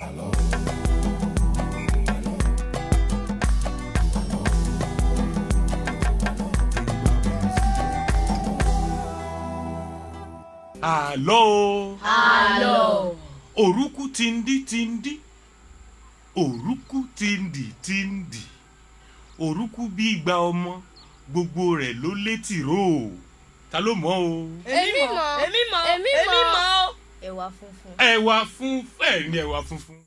àlọ́ o. àlọ́. òrùkú tìǹdì tìǹdì òrùkú tìǹdì tìǹdì òrùkú bí igba ọmọ gbogbo rẹ̀ ló létí rò ó ta ló mọ̀ o. èmi mọ̀ èmi mọ̀ èmi mọ̀ ẹ̀wà funfun. ẹ̀wà funfun ẹ̀ ní ẹ̀wà funfun.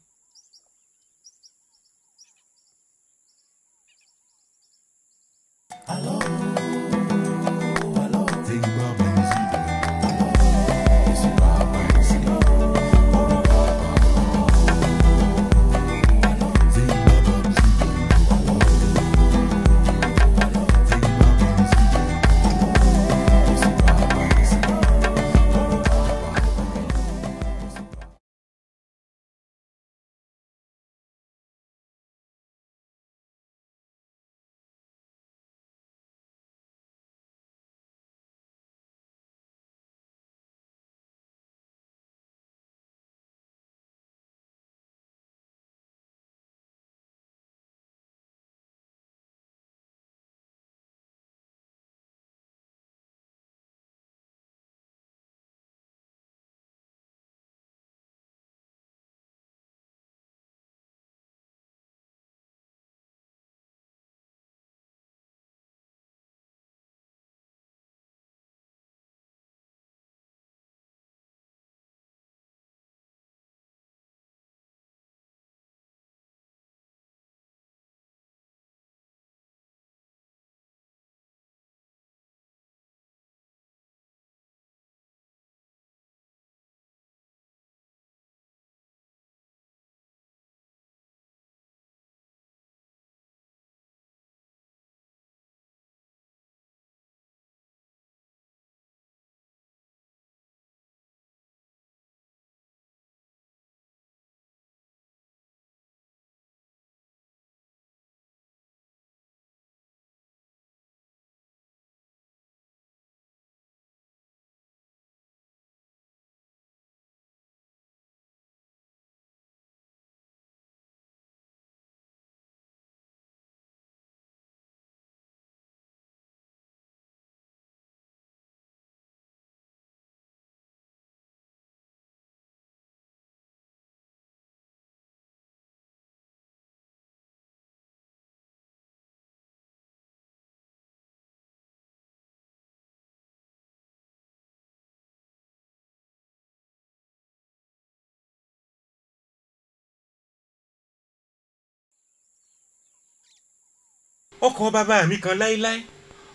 ọkọ̀ bàbá mi kan láíláí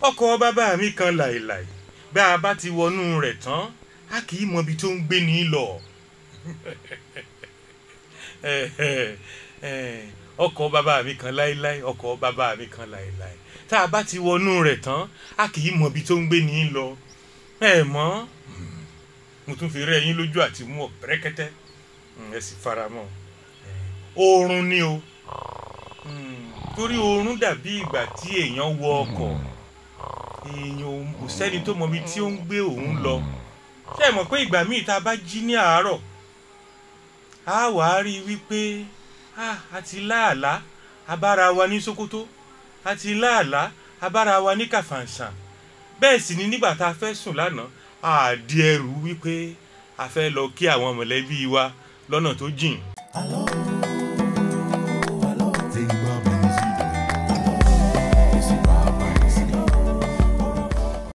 ọkọ̀ bàbá mi kan láìláì bá a bá ti wọnú rẹ̀ tán a kì í mọbi tó ń gbé ní lọ. ọkọ̀ bàbá mi kan láíláí ọkọ̀ bàbá mi kan láìláì tá a bá ti wọnú rẹ̀ tán a kì í mọbi tó ń gbé ní lọ. ẹ mọ̀ mo tún fi rẹ́ yín lójú àti mú ọ pẹ́rẹ́kẹ́tẹ́ ẹ sì fara mọ́ oorun ni o torí oorun dàbí ìgbà tí èèyàn wọ ọkọ̀ èèyàn kò sẹ́ni tó mọbi tí ó ń gbé òun lọ ṣé ẹ mọ̀ pé ìgbà míì tá a bá jí ní àárọ̀ a wà á rí i wípé a ti láàlá abára wa ní Sókótó a ti láàlá abára wa ní Kàfàǹṣàn bẹ́ẹ̀ sì ni nígbà tá a fẹ́ sùn lánàá a di ẹrù wípé a fẹ́ lọ kí àwọn mọ̀lẹ́bí wa lọ́nà tó jìn